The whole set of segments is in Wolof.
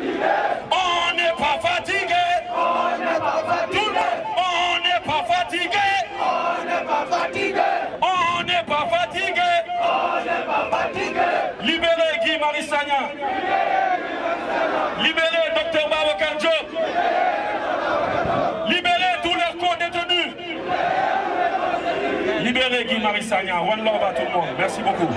On n'est pas fatigué. On n'est pas fatigué. On n'est pas fatigué. On n'est pas fatigué. On n'est pas fatigué. On n'est pas fatigué. Libérez Guy Marissagna. Libérez Dr Babacar Diop. Libérez tous leurs co-détenus. Libérez Guy Marissagna. One love à tout le monde. Merci beaucoup.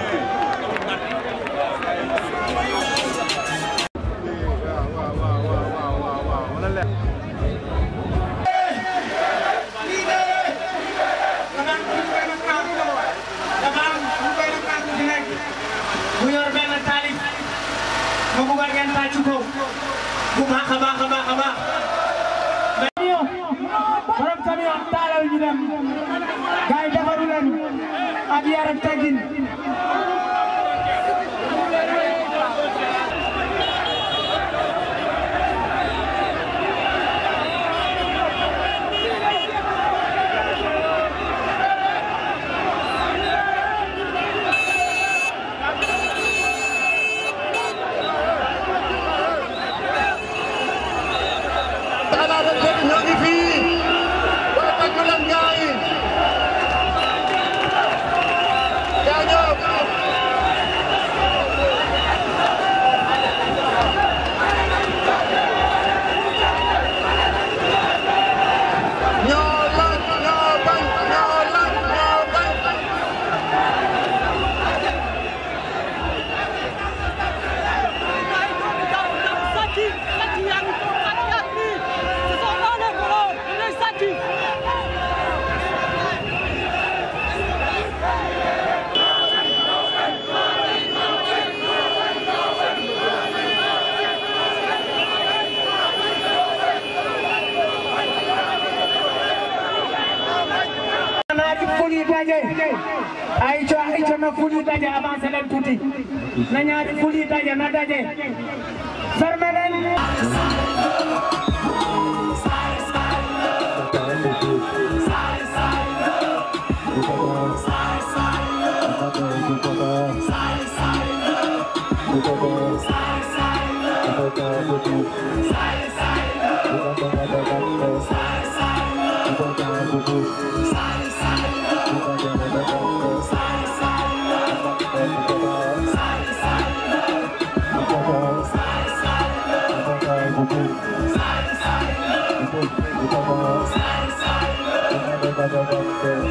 ma bëggoon ngeen tàcc ko bu baax a baax a baax a baax. borom camion taalal ñu dem gars yi defaru leen ak yar ak teggin Kanada naati fu ñuy daje ayca ayca na fu ñuy daje avancé leen tuuti na ñaari fu ñuy daje na daje fermé leen Thank you. Side,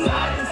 side,